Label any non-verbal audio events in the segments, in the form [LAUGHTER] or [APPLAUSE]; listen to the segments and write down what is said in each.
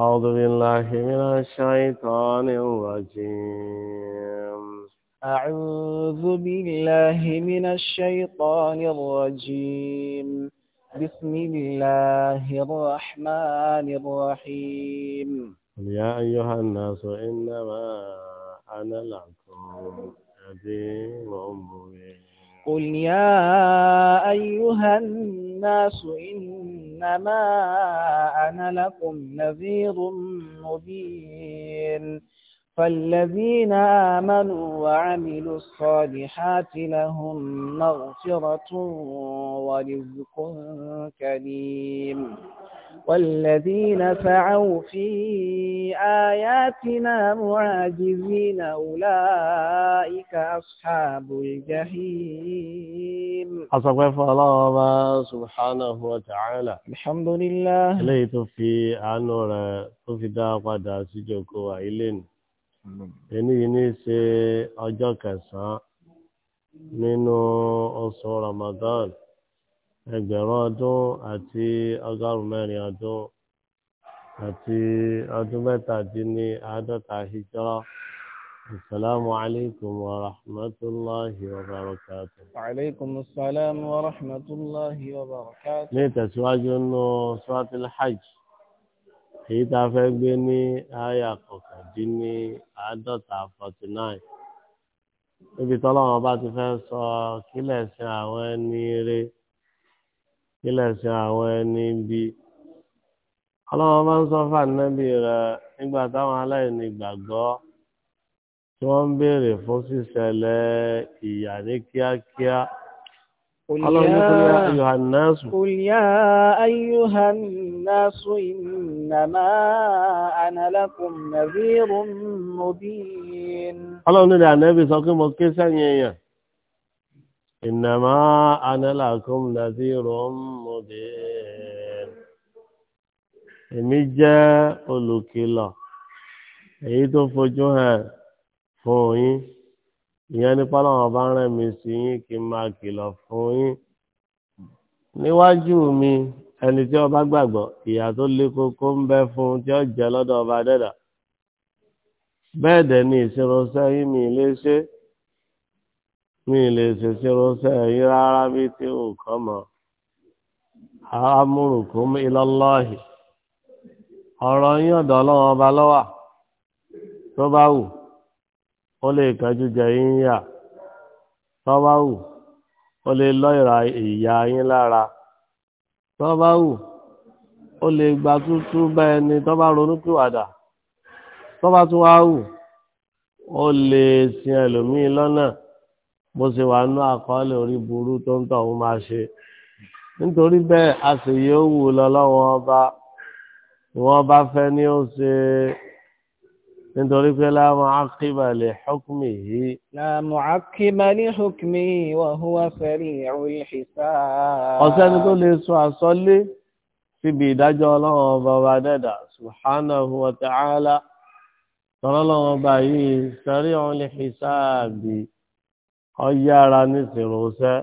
أعوذ بالله من الشيطان الرجيم أعوذ بالله من الشيطان الرجيم بسم الله الرحمن الرحيم يا أيها الناس إنما أنا لكم نذير مبين قل يا أيها الناس إنما أنا لكم نذير مبين فالذين آمنوا وعملوا الصالحات لهم مغفرة ورزق كريم والذين سعوا في آياتنا معاجزين أولئك أصحاب الجحيم حسب الله سبحانه وتعالى الحمد لله ليت في عنور توفي داقة داسي جوكو وإلين ẹni yìí ní ṣe ọjọ́ kẹsàn-án nínú oṣù Ramadan ẹgbẹ̀rún ọdún àti ọgọ́rùn-ún mẹ́rin ọdún àti ọdún mẹ́tàdínní àádọ́ta hijra. السلام عليكم ورحمة الله وبركاته وعليكم السلام ورحمة الله وبركاته ليت سواج سورة الحج èyí tá a fẹ́ gbé ní àyà kọkàndínní àádọ́ta forty nine níbi tọ́lọ́wọ́n bá ti fẹ́ sọ kílẹ̀ sí àwọn ẹni rẹ kílẹ̀ sí àwọn ẹni bí ọlọ́wọ́n bá ń sọ fàánẹ́bí rẹ nígbà táwọn aláìní gbàgbọ́ tí wọ́n ń béèrè fún ṣíṣẹlẹ̀ ìyà ní kíákíá. Ọlọ́run tó yá Yohannasu. Qul ya ayyuhannasu innama ana lakum nadhirun mubin. Ọlọ́run ní ànẹ́bì sọ pé mo ké sẹ́yìn èèyàn. Innama ana lakum nadhirun mubin. Èmi jẹ́ olùkìlọ̀, èyí tó fojú hàn fún yín ìyẹn ní pọ́lọ́wọ́n bá rán mi sí yín kí n máa kìlọ̀ fún yín níwájú mi ẹni tí ó bá gbàgbọ́ ìyà tó le koko ń bẹ fún tí ó jẹ lọ́dọ̀ ọba dẹ́dà bẹ́ẹ̀ dẹ̀ ni ìṣirọ́sẹ́ yín mi lè ṣe mi lè ṣe ìṣirọ́sẹ́ yín rárá bí tí ò kọ́ mọ́ amúrùkún ilọ́lọ́hì ọ̀rọ̀ yín ọ̀dọ̀ ọlọ́wọ́n ọba lọ́wà tó bá wù ó lè kánjú jẹ yín yà tọ́ba wù ó lè lọ ìra ìyá yín lára tọ́ba wù ó lè gba tútú bá ẹni tọ́ba ronúpìwàdà tọ́ba tún wá wù ó lè sin ẹlòmíín lọ́nà bó ṣe wà nú àkọọ́lẹ̀ orí burú tó ń tọ̀ ọ́n máa ṣe nítorí bẹ́ẹ̀ a sì yóò wù lọ́lọ́wọ́ ọba ìwọ́n bá fẹ́ ni ó ṣe nítorí pé láàmú àkíbà lè ṣọ́kùnmí yìí. láàmú àkíbà lè ṣọ́kùnmí wà húwà fẹ́rí ìrìnlẹ̀ṣà. ọ̀sẹ́ni tó lè sọ àsọlé síbi ìdájọ́ ọlọ́run ọba ọba dẹ́dà subhanahu wa ta'ala tọ́lọ́lọ́run ọba yìí sẹ́rí ìrìnlẹ̀ṣà bí ọyára ní ìṣirò sẹ́ẹ́.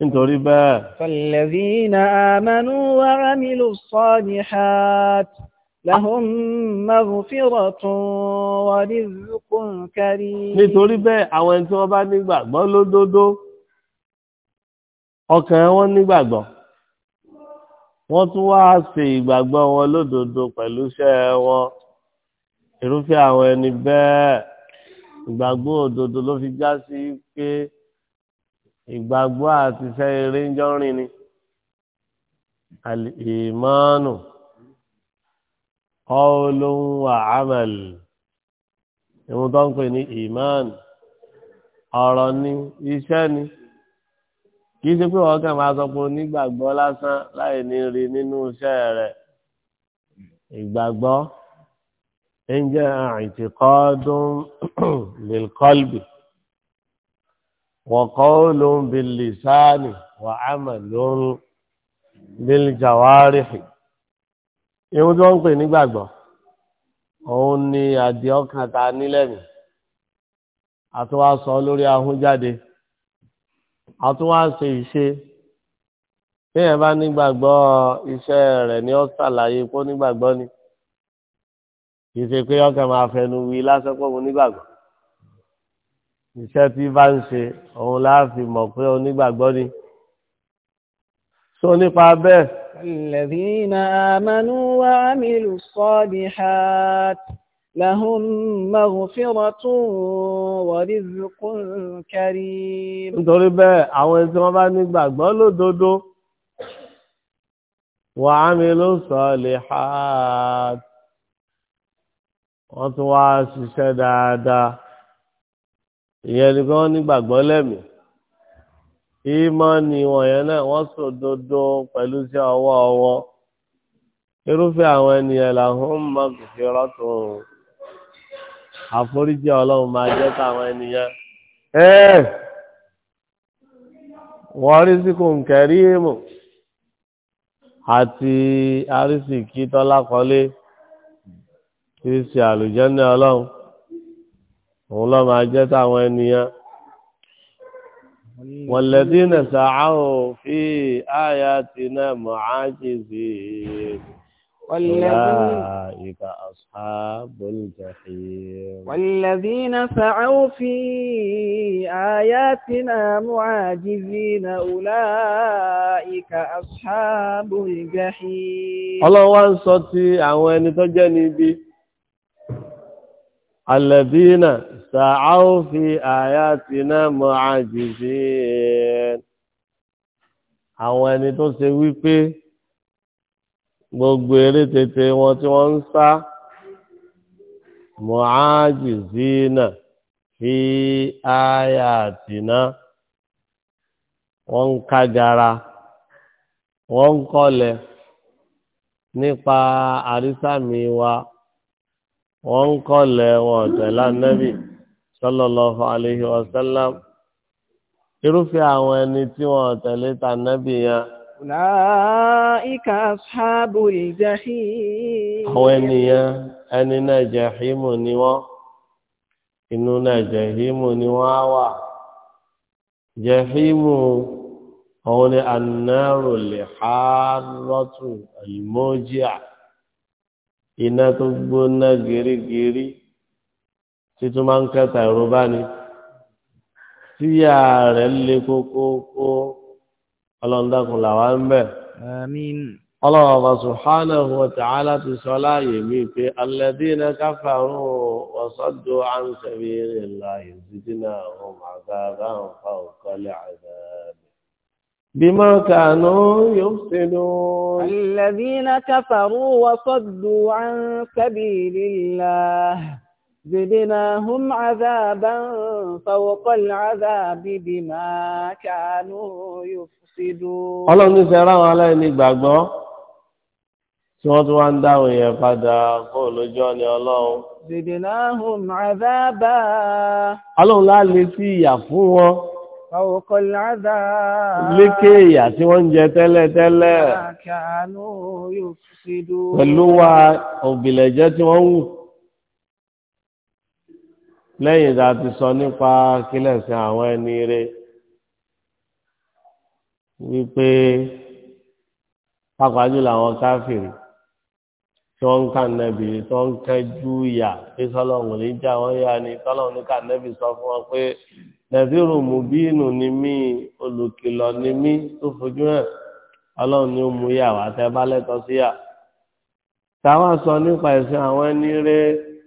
nítorí bẹ́ẹ̀. Fàlẹ̀dínà àmànú wa rámìlú sọ́ọ̀dì hàt láhùn mẹ́rùnfíìrọ̀ tún wà ní ìrúkún kárí. Nítorí bẹ́ẹ̀ àwọn ẹni tí wọ́n bá nígbàgbọ́ lódodo, ọkàn wọn nígbàgbọ́. Wọ́n tún wá ṣe ìgbàgbọ́ wọn lódodo pẹ̀lú iṣẹ́ wọn. Irúfẹ́ àwọn ẹni bẹ́ẹ̀ ìgbàgbọ́ òdodo ló fi já sí pé ìgbàgbọ́ àti iṣẹ́ eré ń jọrin ni al-imanu qawlun wa amal ìwọ̀n tó ń pè ní iman ọ̀rọ̀ ni iṣẹ́ ni kìí ṣe pé wọ́n kàn máa sọ pé onígbàgbọ́ lásán láì ní rí nínú iṣẹ́ rẹ̀ ìgbàgbọ́ ń jẹ́ àìtìkọ́dún [CLEARS THROAT] lil qalbi. وقول باللسان وعمل بالجوارح ìhun tí wọ́n ń pè nígbàgbọ́ òun ni àdìẹ ọkàn tá a nílẹ̀mí àtúwá sọ lórí ahun jáde àtúwá ṣe ìṣe téèyàn bá nígbàgbọ́ iṣẹ́ rẹ̀ ni ó ṣàlàyé kó nígbàgbọ́ ni kì í ṣe pé ọkàn máa fẹnu wí lásán pọ̀ mọ́ nígbàgbọ́ iṣẹ́ tí bá ń ṣe òun láàfin mọ̀ pé onígbàgbọ́ ni. sọ nípa bẹ́ẹ̀. الذين آمنوا وعملوا الصالحات لهم مغفرة ورزق كريم. nítorí bẹ́ẹ̀ àwọn ẹni tí wọ́n bá nígbàgbọ́ lódodo وعملوا الصالحات wọ́n tún wá ṣiṣẹ́ dáadáa ìyẹn ni wọ́n nígbàgbọ́ lẹ́mìí ìmọ̀ọ́nì wọ̀nyẹn náà wọ́n sòdodo pẹ̀lú sí ọwọ́ ọwọ́ irúfẹ́ àwọn ènìyàn làwọn mọ̀ kìkì rọ́tò àforíjì ọlọ́run máa jẹ́ táwọn ènìyàn. wọ́n rí síkù nkẹ́rí mù àti arísìkí tọ́lákọ́lé kìí ṣe àlùjànnà ọlọ́run òun lọ máa jẹ́ táwọn ènìyàn wọ̀lẹ́dínà sàáhù fi ayatina mu'ajizin أولئك أصحاب الجحيم والذين سعوا في آياتنا معاجزين أولئك أصحاب الجحيم الله وانصتي عواني تجنبي alẹ́dínà sàáfì àyàtìná mọ́ àjèjì àwọn ẹni tó ṣe wípé gbogbo eré tètè wọn tí wọ́n ń sá mọ́ fi àyàtìná wọ́n ń kágara wọ́n ń kọ́lẹ̀ nípa àrísàmì wa wọ́n ń kọ́lẹ̀ wọn tẹ̀lá nẹ́bì sallallahu alayhi wa sallam irúfẹ́ àwọn ẹni tí wọ́n tẹ̀lé ta nẹ́bì yẹn. Láìka ṣáàbù jahim. Àwọn ènìyàn ẹni náà jahimu ni wọ́n, inú náà jahimu ni wọ́n á wà. Jahimu òun ni an-naru al-harratu al iná tó gbóná gírígírí títún máa ń kẹta ìró bá ní tíyà rẹ̀ lé kókókó ọlọ́ndàkùn làwa ń bẹ̀. ọlọ́run ọba subhanahu wa ta'ala ti sọ láàyè mí pé alladhina kafaru wa saddu an sabilillahi zidnahum 'adhaban fawqa al-'adhab. بما كانوا يفسدون الذين كفروا وصدوا عن سبيل الله زدناهم عذابا فوق العذاب بما كانوا يفسدون ọlọ́run ní sẹ́ra àwọn aláìní gbàgbọ́ tí wọ́n tún wá ń dáhùn yẹn padà kó lójú ọ̀nì ọlọ́run. زدناهم عذابا ọlọ́run láà lè sí ìyà fún wọn. Ọ̀wọ̀kọ̀ ládà. Lékè ìyà tí wọ́n ń jẹ tẹ́lẹ̀ tẹ́lẹ̀. Àkàánú yóò fi dúró. Pẹ̀lú wa òbìlẹ̀jẹ́ tí wọ́n wù. Lẹ́yìn tá a ti sọ nípa kílẹ̀sìn àwọn ẹni rẹ̀. Wípé pàápàá jùlọ àwọn káfìrì tí wọ́n ń ká nẹ́bì tí ń kẹ́jú ìyà pé sọ́lọ́hùn lè jà wọ́n yá ni sọ́lọ́hùn ní ká nẹ́bì sọ fún wọn pé nàzírù mùbínú ni mí olùkìlọ̀ ni mí tó fojú hàn ọlọ́run ni ó mú yà wá tẹ́ bá lẹ́tọ́ sí yà. táwọn sọ nípa ẹ̀sìn àwọn ẹni rẹ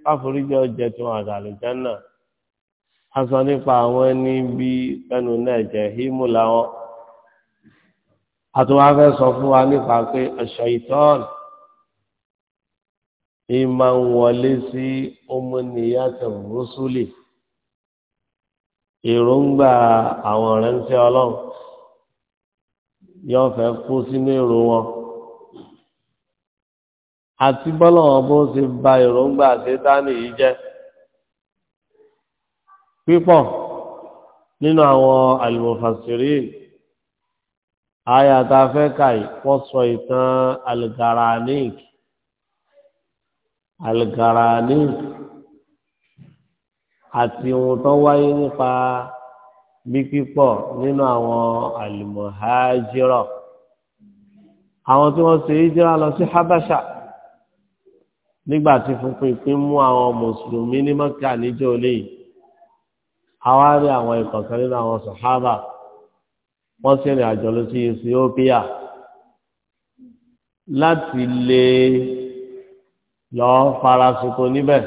káforíjọ jẹ tí wọn àgàlù jẹ́nà a sọ nípa àwọn ẹni bí ẹnu náà jẹ hímù làwọn. àtúwá fẹ́ sọ fún wa nípa pé ẹ̀ṣọ́ ìtọ́ọ̀nù ìmọ̀ ń wọlé sí ọmọnìyàtọ̀ rọ́súlì èròǹgbà àwọn ọ̀rẹ́ńsẹ́ ọlọ́run yóò fẹ́ kó sínú èrò wọn àti bọ́lọ̀wọ́n bó ṣe ba èròǹgbà sétánì yìí jẹ́ pípọ̀ nínú àwọn àlùmọ̀fàṣírí àyàtà fẹ́ kàì wọ́n sọ ìtàn algaranik algaranik àti ohun tó wáyé nípa bí pípọ̀ nínú àwọn àlùmọ̀hájírà àwọn tí wọ́n ṣe hijira lọ sí habasha nígbà tí funfun ìpín mú àwọn mùsùlùmí ní mọ́kà níjọ́ olè àwa rí àwọn ìkọ̀kan nínú àwọn sàhábà wọ́n sì rìn àjò lọ sí ethiopia láti lè lọ́ọ́ farasoko níbẹ̀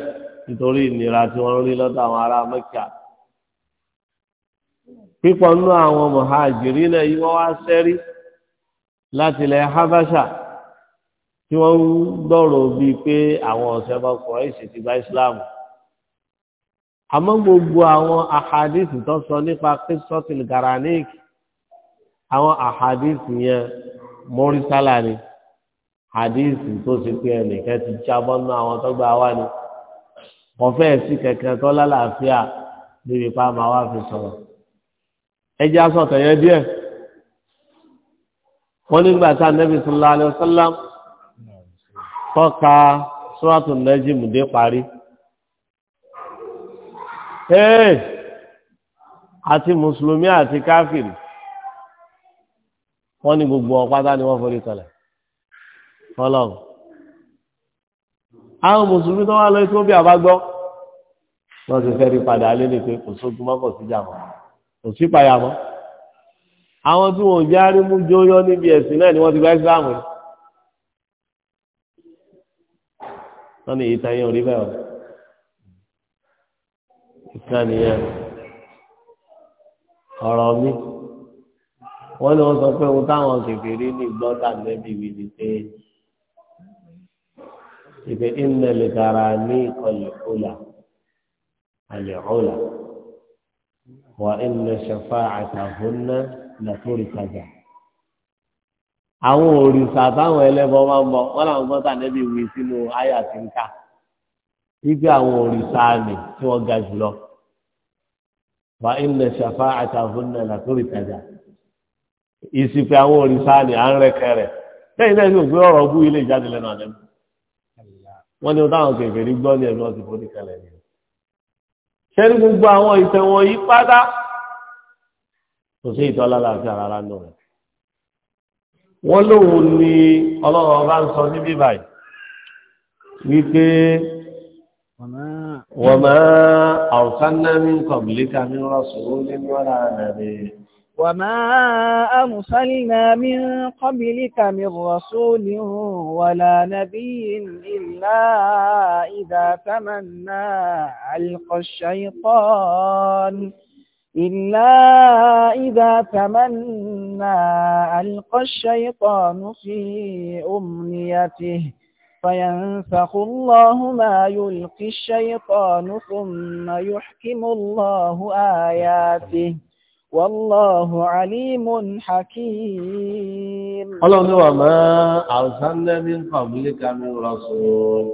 nítorí ìnira tí wọ́n rí lọ́dọ̀ àwọn ará Mẹ́kà pípọ̀ nú àwọn mọ̀hájìrí náà yí wọ́n wá sẹ́rí láti ilẹ̀ Habasha tí wọ́n ń bíi pé àwọn ọ̀sẹ̀ ọkùnrin sì ti Islam àmọ́ gbogbo àwọn àhàdìsì tó sọ nípa kristotil garanik àwọn àhàdìsì yẹn mọ́rísálà ni àdìsì tó ṣe pé ẹnìkan ti jábọ́ nú àwọn tó gbà wá ni wọn fẹ́ẹ̀ sí kẹ̀kẹ́ tó lálàáfíà níbi pa máa wá fi sọ̀rọ̀ ẹjẹ́ asọ̀tọ̀ yẹn díẹ̀ wọ́n nígbà tá nẹ́bí sallallahu alaihi wasallam tọ́ka sọ́ràtù nẹ́jìm dé parí ee àti mùsùlùmí àti káfìrì wọ́n ní gbogbo ọ̀pátá ni wọ́n forí kalẹ̀ fọlọ́run àwọn mùsùlùmí tó wá lọ Ethiopia bá gbọ́ wọ́n ti fẹ́ rí padà lélẹ̀ pé kò sógun mọ́kàn síjà mọ́ kò sí payà mọ́ àwọn tí wọn ò já rí mú jóyọ́ níbi ẹ̀sìn náà ni wọ́n ti gba ẹ́sìlámù ni wọ́n ní ìtàn yẹn ò bẹ́ẹ̀ o ìtàn nìyẹn ọ̀rọ̀ mi wọ́n ní wọ́n sọ pé ohun táwọn kèfèrí ní gbọ́dà lẹ́bi wí ni pé ìpè iná lè gara ní ìkọlẹ̀ ọ̀la àlẹ́ ọ̀la wà iná ṣẹfà àtàhùnà nàtòrí kájà. àwọn òrìṣà táwọn ẹlẹ́bọ máa ń bọ wọn làwọn gbọ́dọ̀ ànẹ́bí wí sínú àyà tí ń ká ibi àwọn òrìṣà àmì tí wọ́n ga jùlọ wà iná ṣẹfà àtàhùnà nàtòrí kájà. ìsìnkú àwọn òrìṣà àmì à ń rẹkẹrẹ lẹ́yìn náà ní òpin ọ̀rọ̀ ọgbú ilé ìjáde lẹ́nu àdẹ́mú wọ́n ní táwọn kẹfẹ́ rí gbọ́ ní ẹ̀mí ọ̀sìn forí kalẹ̀ ni. sẹ́ni gbogbo àwọn ìtàn wọ̀nyí pátá kò sí ìtọ́lá láti ara ara rẹ̀. wọ́n lóun ni ọlọ́run ọba ń sọ níbí báyìí wípé wọ́n máa àwùsánná mi kọ̀ọ̀bìlíkà mi rọ̀ sùn ó lé ní ọ̀rá rẹ̀ rẹ̀. وما أرسلنا من قبلك من رسول ولا نبي إلا إذا تمنى ألقى الشيطان إلا إذا تمنى ألقى الشيطان في أمنيته فينفخ الله ما يلقي الشيطان ثم يحكم الله آياته والله عليم حكيم ọlọ́run wà máa من ń pàbílé kàmí rọ́sùn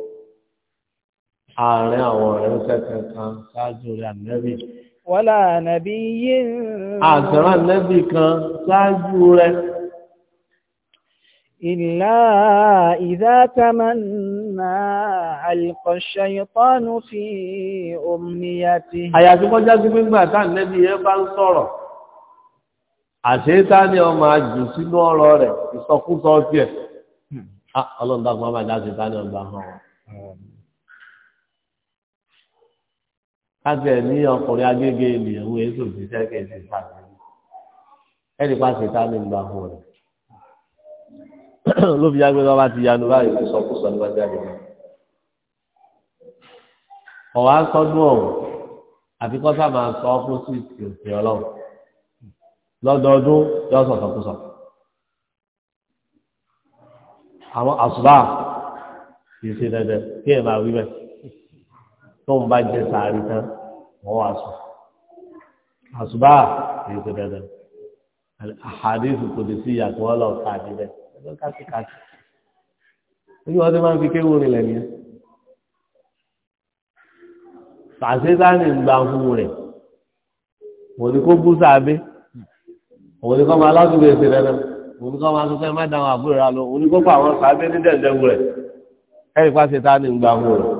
àwọn ọ̀rẹ́ kẹkẹkan ṣáájú rẹ̀ ànẹ́bí wọ́lá ànẹ́bí yí àtẹ̀rà ànẹ́bí kan ṣáájú rẹ̀ إلا إذا تمنى ألقى الشيطان في أمنيته àyàtí kọjá sí pé gbà tá ànẹ́bí yẹn bá ń sọ̀rọ̀ àṣetá ni ọ máa jù sínú ọ̀rọ̀ rẹ̀ ìsọkúsọ tiẹ̀ hmm. ọlọ́run dákun máa dá àṣetá ni ọgbà hàn wọn. kájẹ ní ọkùnrin agége ìlú èso òṣìṣẹ́ kẹsì sáà ẹnì pa àṣetá ni ọgbà hàn rẹ̀ [COUGHS] ló fi yàgbé lọ́wọ́ ti yanu báyìí ìsọkúsọ ni wọ́n jáde náà ọ̀wá sọdún ọ̀hún àfikọ́sà máa sọ ọ́ fún sí ìsìn ọlọ́run lọ́dọọdún yọ sọ̀tọ̀kùsọ̀ àwọn àṣùbà kìí ṣe dandan kí ẹ máa wí bẹ́ẹ̀ tó ń bá jẹ sàárì tán wọ́n wá sùn àṣùbà kìí ṣe dandan àhàdìsù kò dé sí ìyàtọ̀ wọn lọ káàdì bẹ́ẹ̀ ẹgbẹ́ káàkiri níbi wọn ti máa ń fi kéwòn rìn lẹ́nu yẹn sàṣẹ́sà ní ìgbà fún rẹ̀ òní kó bú sáà bẹ́ẹ̀ òun ni kọ́ máa lásùgbò èsì rẹ̀ náà òun ni kọ́ máa sọ pé má dáhùn àbúrò rà lọ òun ni kókó àwọn sàbẹ́ ní dẹ̀ndẹ̀wù rẹ̀ ẹ̀rí pàṣẹ tá ní gbà wù rẹ̀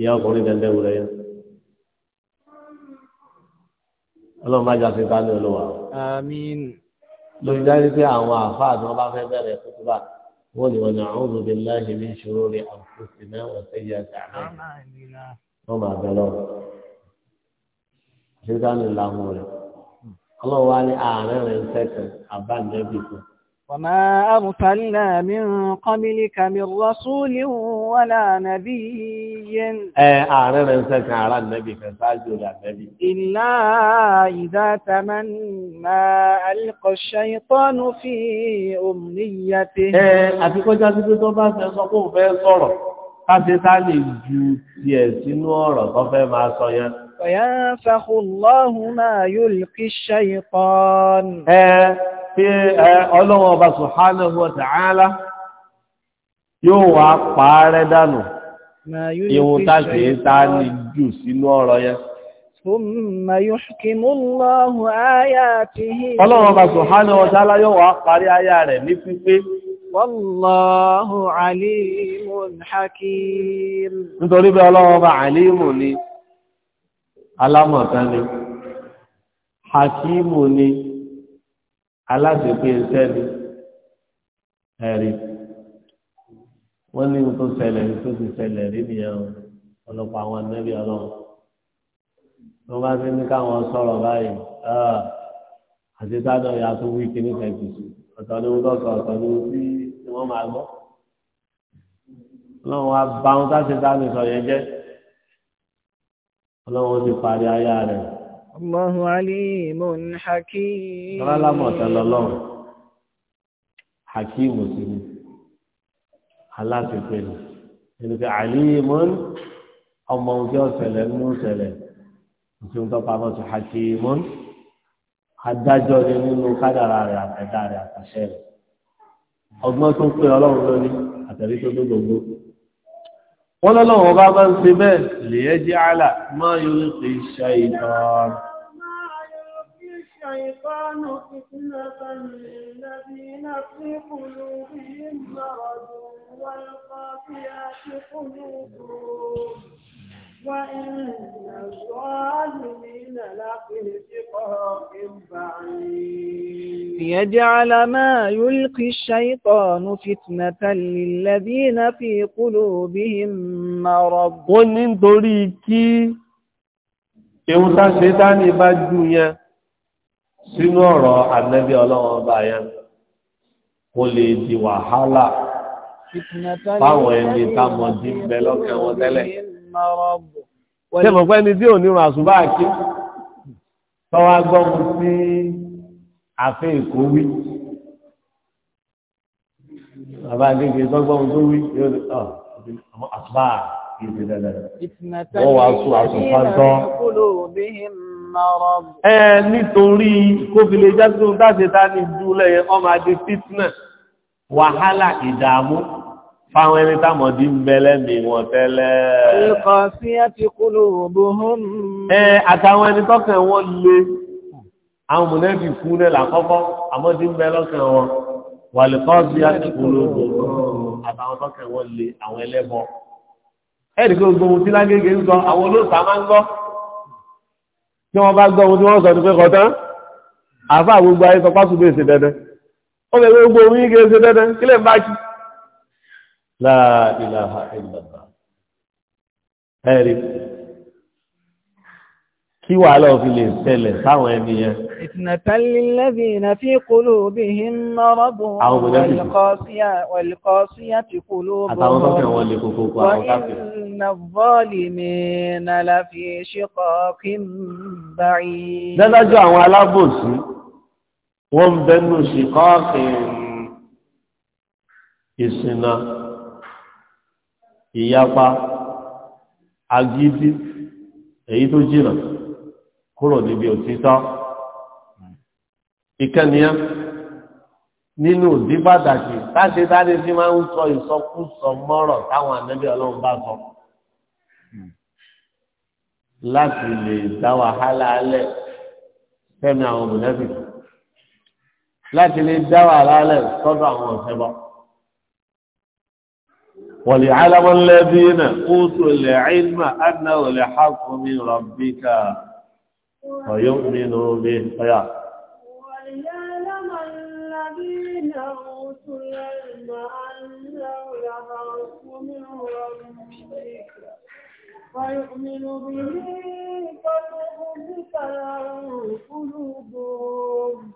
ìyá ọkùnrin dẹ̀ndẹ̀wù rẹ̀ yẹn. ọlọ́run máa jáde tá ní olówó àwọn. àmín. lórí dájú pé àwọn àfáà tí wọ́n bá fẹ́ bẹ̀rẹ̀ kútúbà wọ́n ní wọn àwùjọ bí láàyè mi ṣòro rẹ̀ àfúsìnà ọ̀sẹ̀yà wọ́n ọlọ́run wá ní ààrẹ rẹ̀ ń tẹ̀sán àbá nẹ́bí kan. وما أرسلنا من قبلك من رسول ولا نبي إلا إذا تمنى ألقى الشيطان في أمنيته فينفخ الله ما يلقي الشيطان في الله ọba وتعالى. wa ta'ala yóò wá pàárẹ́ dànù ìwọ̀n tàbí ta ní jù sínú ọ̀rọ̀ yẹn Thumma yuhkimu Allahu ayatihi. Ọlọ́run ọba subhanahu wa ta'ala yóò wá parí ayá rẹ̀ ní pípé. Wallahu alimun hakim. Nítorí alámọ̀ta ni hakimu ni aláṣepé iṣẹ́ ni ẹ̀rí wọ́n ní tó ṣẹlẹ̀ ní tó ti ṣẹlẹ̀ rí nìyẹn ọlọ́pàá àwọn anábì ọlọ́run tó bá ti ní káwọn sọ̀rọ̀ báyìí ah, àti sádọ̀ ya tó wí kíní kẹ̀kì ọ̀tọ̀ ni wọ́n sọ ọ̀tọ̀ ni wọ́n tí wọ́n máa gbọ́ ọlọ́run wa bá wọn sáṣetá ní sọ yẹn jẹ́ ọlọ́wọ́ ti parí ayá rẹ̀. Allahu alimun hakim. Rọ́lámọ̀ tẹ́lọ́lọ́run, hakim sí ni, aláfẹ́fẹ́ ni. Ìrìnkẹ́ alimun ọmọ ojú ọ̀sẹ̀lẹ̀ mú ṣẹlẹ̀, ìṣun tó pamọ́ sí hakimun, adájọ́ ni nínú kádàrà rẹ̀ àtẹ̀dá rẹ̀ àtàṣẹ rẹ̀. Ọgbọ́n tó pé ọlọ́run lórí àtẹ̀rí tó dó gbogbo wọ́n lọ́lọ́wọ́ bá bá ń ṣe bẹ́ẹ̀ lè ẹ́ jẹ́ àlà máa yóò ṣe ṣe ìtàn. وإن الظالمين لفي شقاق بعيد ليجعل ما يلقي الشيطان فتنة للذين في قلوبهم مرض wọ́n ní nítorí kí ewu tá ṣetáni bá jù yẹn sínú ọ̀rọ̀ ànábì ọlọ́wọ́n bá yẹn kò lè di wàhálà fáwọn ẹni tá mọ̀ dín bẹ lọ́kẹ́ wọn tẹ́lẹ̀ ṣé mo pẹ́ ni tí ò nírun àṣùbà kí tọ́wá gbọ́mù sí àfẹ́ èkó wí bàbá adéke tọ́gbọ́mù tó wí yóò ní ọ̀ àṣùbà kì í ṣe dandan wọ́n wá sùn àṣùbà tán ẹ nítorí kófìlẹ̀ jásùn dáṣe tá ní ìdúlẹ̀ ọmọ adé fitna wàhálà ìdààmú fáwọn ẹni táwọn ọdí ń bẹ lẹ́mìí wọn tẹ́lẹ̀. ẹ̀kọ́ sí ẹ ti kúrò bóhùn. ẹ àtàwọn ẹni tọ́kàn wọn lé àwọn mọ̀lẹ́bí kú náà làkọ́kọ́ àmọ́ ti ń bẹ lọ́kàn wọn wàlùkọ́ sí ẹ ti kúrò bóhùn àtàwọn tọ́kàn wọn lé àwọn ẹlẹ́bọ. ẹ̀ẹ́dì kí gbogbo tí lágége ń sọ àwọn olóòtú máa ń gbọ́ tí wọ́n bá gbọ́ ohun tí wọ́n sọ ní pé kọ̀tán la ilaha illallah ẹ̀rí kí wàhálà òfin lè ṣẹlẹ̀ sáwọn ẹni yẹn. ìtìnàtàlélẹ́bì ìnàfí kúlù bí i mọ́rọ́bù wàlùkọ́síyà ti kúlù bọ̀ àtàwọn tọ́kẹ̀ wọn lè kókó kó àwọn káfẹ́. ìnà bọ́ọ̀lì mi nàlà fi ṣíkọ̀ kí n bàrí. dájú àwọn alábòsí wọ́n ń bẹnu ṣìkọ́ ìsìnà ìyapa agídí èyí tó jìnà kúrò níbi òtítọ́ ìkẹniyà nínú òdí pàtàkì láti dáadé tí máa ń sọ ìsọkúsọ mọ́rọ̀ táwọn ànábì ọlọ́run bá sọ láti lè dá wàhálà alẹ́ fẹ́mi àwọn mùnẹ́fì láti lè dá wàhálà alẹ́ sọ́dọ̀ àwọn ọ̀sẹ̀ bọ́. وليعلم الذين أوتوا العلم أنه لحق من ربك فيؤمنوا به فيعلم وليعلم الذين أوتوا العلم أنه لحق من ربك فيؤمنوا به فتخبت قلوبهم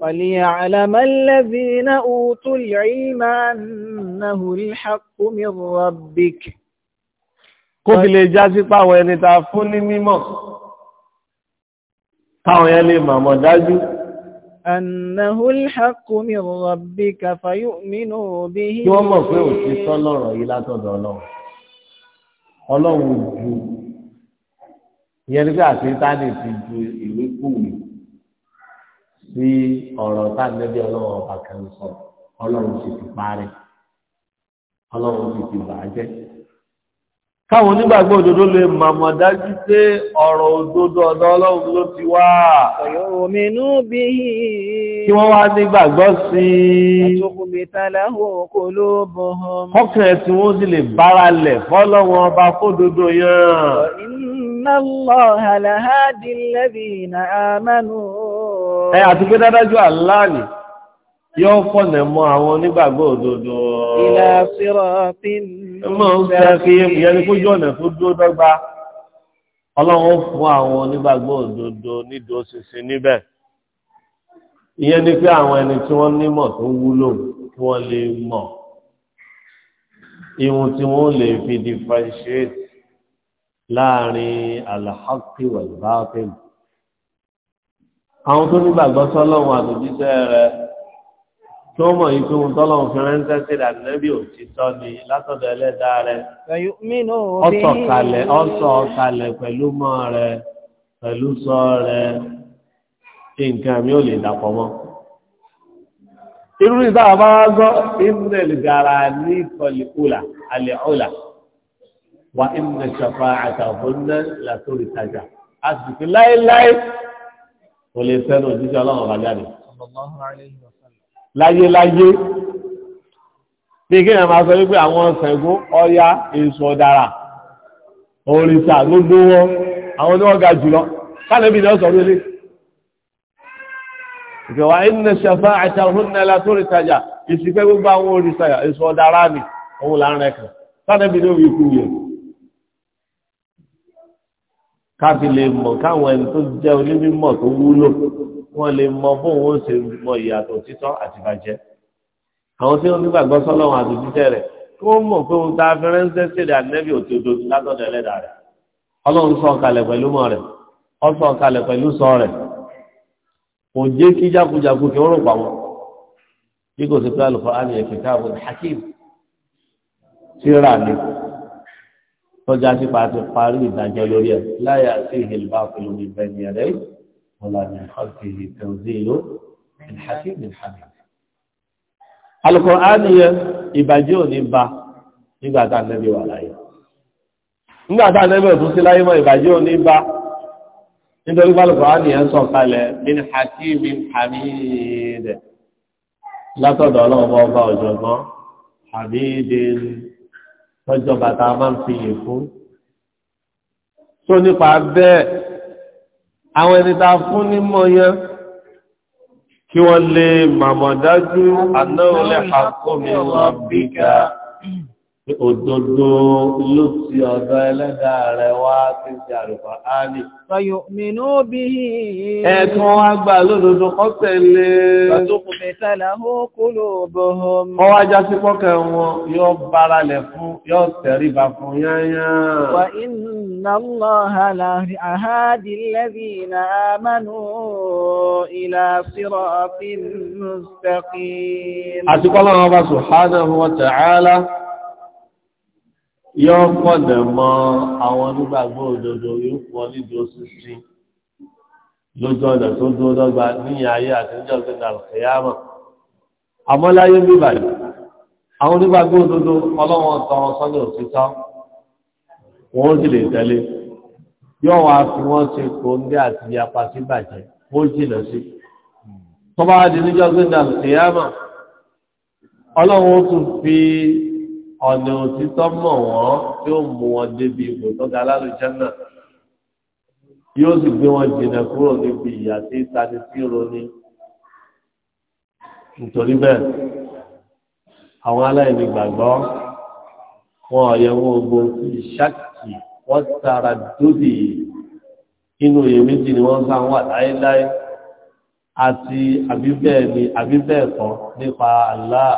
وليعلم الذين أوتوا العلم أنه الحق من ربك kó fi lè já sí páwọn ẹni ta fún ní mímọ̀ táwọn yẹn lè màmọ̀ dájú أنه الحق من ربك فيؤمنوا به kí wọ́n mọ̀ pé òtítọ́ lọ́rọ̀ yìí látọ̀dọ̀ ọlọ́run ọlọ́run ju ìyẹn nígbà tí tánì ti ju ìwé kúwèé sí ọ̀rọ̀ tá a nẹ́bí ọlọ́run ọba kan sọ ọlọ́run sì ti parẹ́ ọlọ́run sì ti bàjẹ́. káwọn onígbàgbọ́ òdodo lè màmọ̀ dájú pé ọ̀rọ̀ òdodo ọ̀dọ̀ ọlọ́run ló ti wá. ọ̀yọ́ òmìnú bí i. kí wọ́n wá nígbàgbọ́ sí i. àtòkùnmíta láwọn òkò ló bọ̀ hàn. kọ́kàn ẹ̀ tí wọ́n sì lè bára lẹ̀ fọ́lọ́wọ́n ọba fódodo yẹn. ìnáwó ẹ àti pé dádájú aláàlì yóò fọ̀nà mọ́ àwọn onígbàgbọ́ òdodo. ìlà siratin mustaqim ìyẹn ni kó jọ ọ̀nà tó dúró dọ́gba ọlọ́run fún àwọn onígbàgbọ́ òdodo nídòó ṣinṣin níbẹ̀ ìyẹn ni pé àwọn ẹni tí wọ́n nímọ̀ tó wúlò kí wọ́n lè mọ̀ ihun tí wọ́n lè fi differentiate láàrin alhaki wal batil àwọn tó nígbàgbọ́ sọ́lọ́run àtòjíṣẹ́ rẹ̀ tó mọ̀ yìí pé wọn tọ́lọ́run fi ránṣẹ́ sí ìdánilẹ́bí òtítọ́ ni látọ̀dọ̀ ẹlẹ́dàá rẹ̀ ọ̀sọ̀ kalẹ̀ pẹ̀lú mọ́ rẹ̀ pẹ̀lú sọ rẹ̀ kí nǹkan mi ò lè dàpọ̀ mọ́. irú ìdáwà bá wá gbọ́ ìmúlẹ̀ gara ní kọlìkúlà alẹ́ ọ̀là wa ìmúlẹ̀ ṣàfà àtàbọ̀nà látòrí tajà a láéláé kò lè sẹ́nu òjíṣẹ́ ọlọ́run ọba jáde. láyé láyé bí kéèyàn máa sọ wípé àwọn ṣẹ̀gún ọya èso ọ̀dàrà òrìṣà gbogbo wọn àwọn ni wọ́n ga jùlọ kálẹ̀bí ni wọ́n sọ lórí. ìgbẹ̀wà iná ṣẹfà àti àwọn onílẹ̀ tó rí tajà ìsìnkẹ́ gbogbo àwọn òrìṣà èso ọ̀dàrà ni òun là ń kálẹ̀bí ni wí kú yẹn káfí lè mọ̀ káwọn ẹni tó jẹ́ onímọ̀ tó wúlò wọ́n lè mọ bóun ó ṣe mọ ìyàtọ̀ títọ́ àti bàjẹ́ àwọn tí wọ́n nígbàgbọ́ sọ́lọ́run àti títẹ́ rẹ̀ kí wọ́n mọ̀ pé òun ta fẹ́rẹ́ńsẹ́ ṣèdè ànẹ́bì òtí odò látọ̀dọ̀ ẹlẹ́dàá rẹ̀ ọlọ́run sọ kalẹ̀ pẹ̀lú mọ̀ rẹ̀ ọ sọ pẹ̀lú sọ rẹ̀ kò jẹ́ kí jákujàku kí wọ́n rò pa wọn bí kò sí pé alùpàá ni ẹ̀kẹ́ káàbọ̀ hakim tíra ni tọ́já sí pàtó parí ìdájọ́ lórí ẹ̀ láyà sí ìhìlbá pẹ̀lú ìbẹ̀ni ẹ̀rẹ́ ọ̀làmì ọ̀tìlì tẹ̀wọ̀dìlò ìhàkí ìhàmì. Al-Qur'an yẹ ìbàjẹ́ ò ní ba nígbà tá nẹ́bí wà láyé. Nígbà tá nẹ́bí ò tún sí láyé mọ́ ìbàjẹ́ ò nítorí Al-Qur'an yẹ sọ kalẹ̀ ní ìhàkí ìhàmì látọ̀dọ̀ ọlọ́ọ̀bọ̀ ọba ọ̀jọ̀gbọ́n àbí tọ́jọ́ bàtà máa ń fi yè fún. tó nípa bẹ́ẹ̀ àwọn ẹni tá a fún ní mọ̀ kí wọ́n lè màmọ̀ dájú àná olè àkómi wọn bí ga. Òdodo ló ti ọ̀dọ̀ ẹlẹ́dà rẹ̀ wá tí ti àrùfà áàlì. Fọyọ̀ mìnú bí i. Ẹ̀tún wá gbà lódodo kọ́ tẹ̀lé. Ọ̀tọ́kùn mẹ́tàlá ó kú ló bọ̀ ọmọ. Ọwá já sí pọ́kẹ̀ wọn yóò báralẹ̀ fún, yóò tẹríba fún yányá. Wà iná lọ hàlàrí àhádì lẹ́bí na mánú ìlà sírọ̀ fi mustaqim. Àtikọ́lọ́ yọ pọ̀dẹ̀ mọ́ àwọn onígbàgbọ́ òdodo yóò pọ̀ nídìí oṣù sí lójú ọ̀nà tó dúró dọ́gba ní ayé àtijọ́ gbẹ̀dà kẹyàmọ̀ àmọ́ láyé ń bíbà yìí àwọn onígbàgbọ́ òdodo ọlọ́wọ́n tọrọ sọ́dọ̀ òtítọ́ wọn ó sì lè tẹ̀lé yóò wá fi wọ́n ṣe kòńdé àti yapa sí bàjẹ́ ó jìnà sí tọ́ba adìníjọ́ gbẹ̀dà kẹyàmọ̀ ọlọ́wọ́n tún fi ọ̀nà òtítọ́ mọ̀ wọ́n tí ó mú wọn débi ipò tó ga lálùjẹ́ náà yóò sì gbé wọn jìnnà kúrò níbi ìyà tí tani tí roni nítorí bẹ́ẹ̀ àwọn aláìní gbàgbọ́ wọn ọ̀yẹ̀wò ogun tí ìṣáàkì wọ́n tara dódì inú òye méjì ni wọ́n sá wà láéláé àti àbíbẹ́ẹ̀ ni àbíbẹ́ẹ̀ kan nípa Allah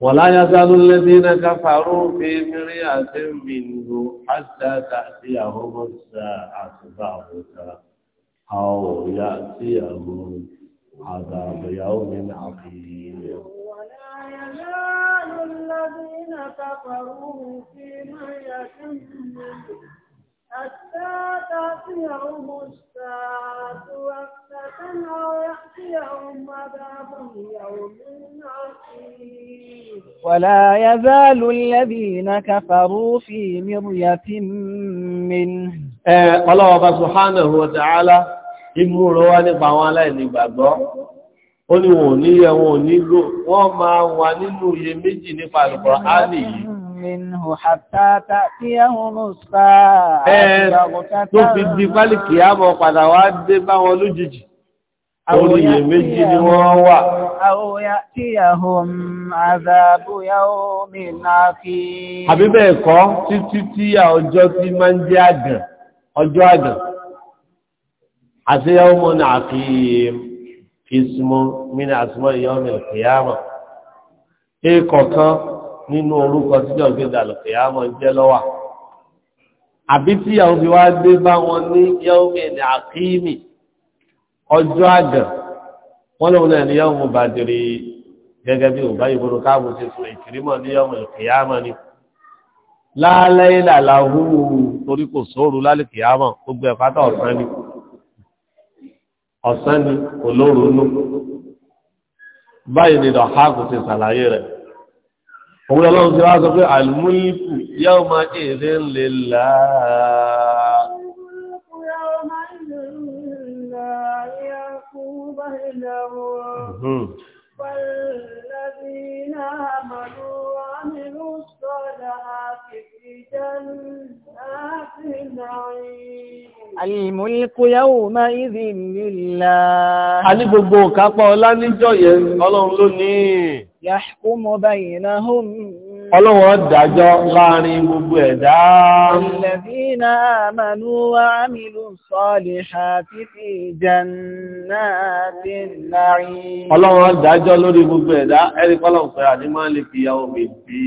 ولا يزال الذين كفروا في مرية منه حتى تأتيهم الساعة بعضها أو يأتيهم عذاب يوم عقيم ولا يزال الذين كفروا في مرية منه حتى تأتيهم الساعة a أو يأتيهم عذاب يوم عقيم ولا يزال الذين كفروا في مرية منه الله سبحانه وتعالى ibu rọ wá nípa àwọn aláìnígbàgbọ́ ó ní wọn ò ní yẹ wọn ò ní nípa منه حتى تأتيهم الساعة tó fi di pálí kìyàmọ̀ padà wá dé bá wọn lójijì orí iyèméjì ni wọ́n wà. àwòyá tí yahum azabu yawmi naki. àbí bẹ́ẹ̀ kọ́ títí tí ọjọ́ tí máa ń jẹ́ àgàn ọjọ́ àgàn ismu min asma yawmi qiyamah èèkọ̀ kan nínú orúkọ síjọ́ ìgbéga lòkè àmọ́ jẹ́ lọ́wà àbí tí yàwó fi wá dé bá wọn ní yàwó mi ní àkíìmì ọjọ́ àgàn wọ́n lóun náà ní yàwó mo bá dèrè gẹ́gẹ́ bí òbá ìbòrò káàbù ṣe sọ ìkìrímọ̀ ní yàwó lòkè àmọ́ ni lálẹ́ ìlàlá húhù torí kò sóoru lálẹ́ kìámọ̀ gbogbo ẹ̀ pátá ọ̀sán ni ọ̀sán ni olóòrùn nù báyìí ni dọ̀háàkù ti ṣàlàyé rẹ̀ òun lọ́wọ́ ti wá sọ pé àlùmúlìkù yóò máa kí èdè ń lè láàá والذين آمنوا وعملوا الصالحات في جنات النعيم الملك يومئذ لله a ní gbogbo kápá ọlá níjọ́ yẹn Ọlọ́run يحكم بينهم Ọlọ́wọ́ dájọ́ láàrin gbogbo ẹ̀dá. Ìlẹ̀bínà àmànú wa àmìlú sọ́lì àti fi jẹ́nà ti láàrin. Ọlọ́wọ́ dájọ́ lórí gbogbo ẹ̀dá, ẹ̀rí pọ́lọ̀ pẹ̀lá ní máa lè fi yàwó mi bí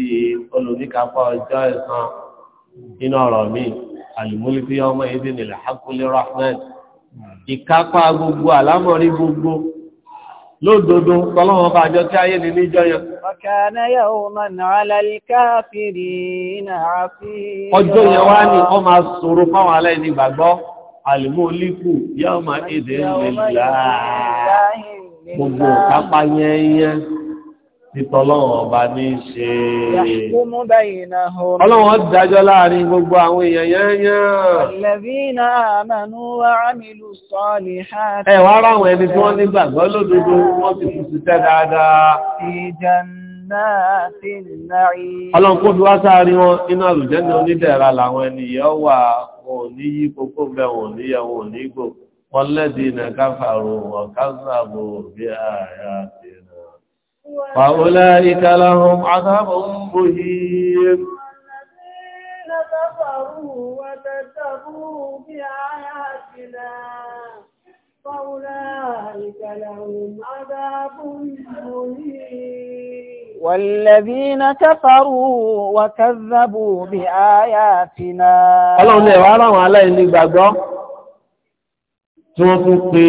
olùdíkapá ọjọ́ ẹ̀san inú ọ̀rọ̀ mi. Àlùmúlí fi ọmọ ìdí nìlẹ̀ Hakuli Rahman. Ìkápá gbogbo àlámọ̀rí gbogbo lódodo tọ́lọ́wọ́n bá jọ tí ayé ní níjọ yẹn. Ọ̀kànà yóò mọ̀ náà lálẹ́kàfìrí náà fi. Ọjọ́ yẹn wá ní ọ máa ṣòro fáwọn aláìní gbàgbọ́, àlùmọ́líkù yóò máa èdè ńlẹ̀ láàá. Gbogbo kápá yẹn yẹn. Títọ́lọ́wọ̀n ọba ní ṣe ọlọ́wọ̀n dájọ́ láàrin gbogbo àwọn èèyàn yẹ́yẹ́. Lẹ̀bínà àmànú wa ámìlú sọ́ọ̀lì ha. Ẹ wá ráwọn ẹni tí wọ́n nígbàgbọ́ lódodo wọ́n ti fi ṣiṣẹ́ dáadáa. Ọlọ́run kó fi wá sáàrin wọn iná àlùjẹ́ ní onídẹ̀ra làwọn ènìyàn wà wọn ní yí kókó bẹ wọn ní yẹ wọn ní gbò. Wọ́n lẹ́dí ìnà káfàrò wọ̀n káfàrò bí ààrẹ àti وأولئك لهم عذاب مهين كفروا وكذبوا بآياتنا فأولئك لهم عذاب مهين والذين كفروا وكذبوا بآياتنا Ọlọ́run lè wá ráwọn aláìní gbàgbọ́ tí wọ́n tún pe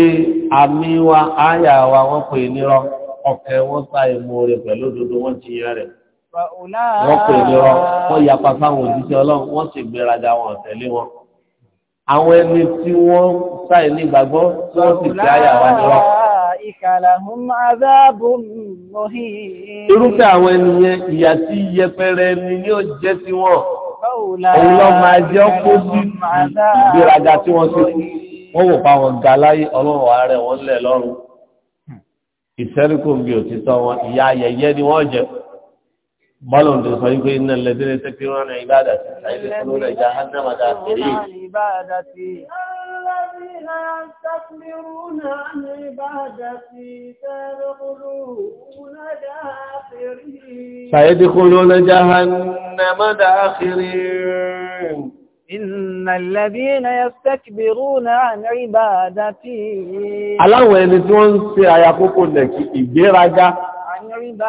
àmì wa áyà wa wọ́n pè nírọ́ ọkẹ wọn sá ìmú rẹ pẹ̀lú òdodo wọn ti yẹ rẹ wọn pè ní ọ wọn yapa fáwọn òjíṣẹ́ Ọlọ́run wọn sì gbéraga wọn tẹ̀lé wọn àwọn ẹni tí wọn sá ìní ìgbàgbọ́ tí wọn sì fi àyà wá ní wọn. irúfẹ́ àwọn ẹni yẹn ìyà tí yẹpẹrẹ ni yóò jẹ́ sí wọn òun lọ kó sí ìgbéraga tí wọ́n ṣe wọ́n wò pa wọn ga láyé ọlọ́run ààrẹ wọn lẹ̀ lọ́rùn ìsẹ́ríkùn bí òtítọ́ wọn ìyá ayẹyẹ ni wọ́n jẹ bọ́lùn tó sọ wípé iná lẹ́dẹ́rẹ́ tẹ́ fi rán ìbádà sí ṣáìdẹ́ fún rẹ̀ já hánàmàdà rí ṣáìdẹ́ kúrò lọ́jà hánàmàdà rí إن الذين يستكبرون عن عبادتي aláwọn ẹni tí wọ́n ń ṣe àyàkókò lẹ́kì ìgbéraga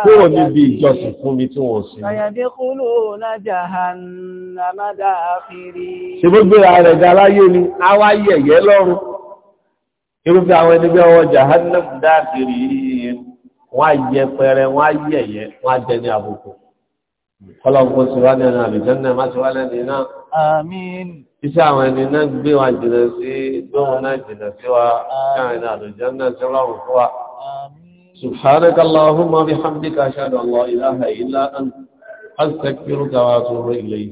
kúrò níbi ìjọsìn fún mi tí wọ́n sí. Àyàdékúlò náà jahannama dáàfìrí. Ṣé gbogbo rẹ̀ ga láyé ni, a wá yẹ̀yẹ́ lọ́rùn. Irúfẹ́ àwọn ẹni bí ọwọ́ jahannama dáàfìrí, wọ́n á yẹpẹrẹ, wọ́n á yẹ̀yẹ́, wọ́n á dẹni àbùkù. Kọ́lọ́pọ̀ ti wá lẹ́nu àlùjànnà má ti wá lẹ́nu iná. Àmín. Iṣẹ́ àwọn ẹni náà gbé wa jìnà sí gbóhùn náà jìnà sí wa káàrin àlùjànnà tí ọlọ́run fún wa. Subhanaka Allahumma bihamdika ashhadu an ilaha illa anta astaghfiruka wa atubu ilayk.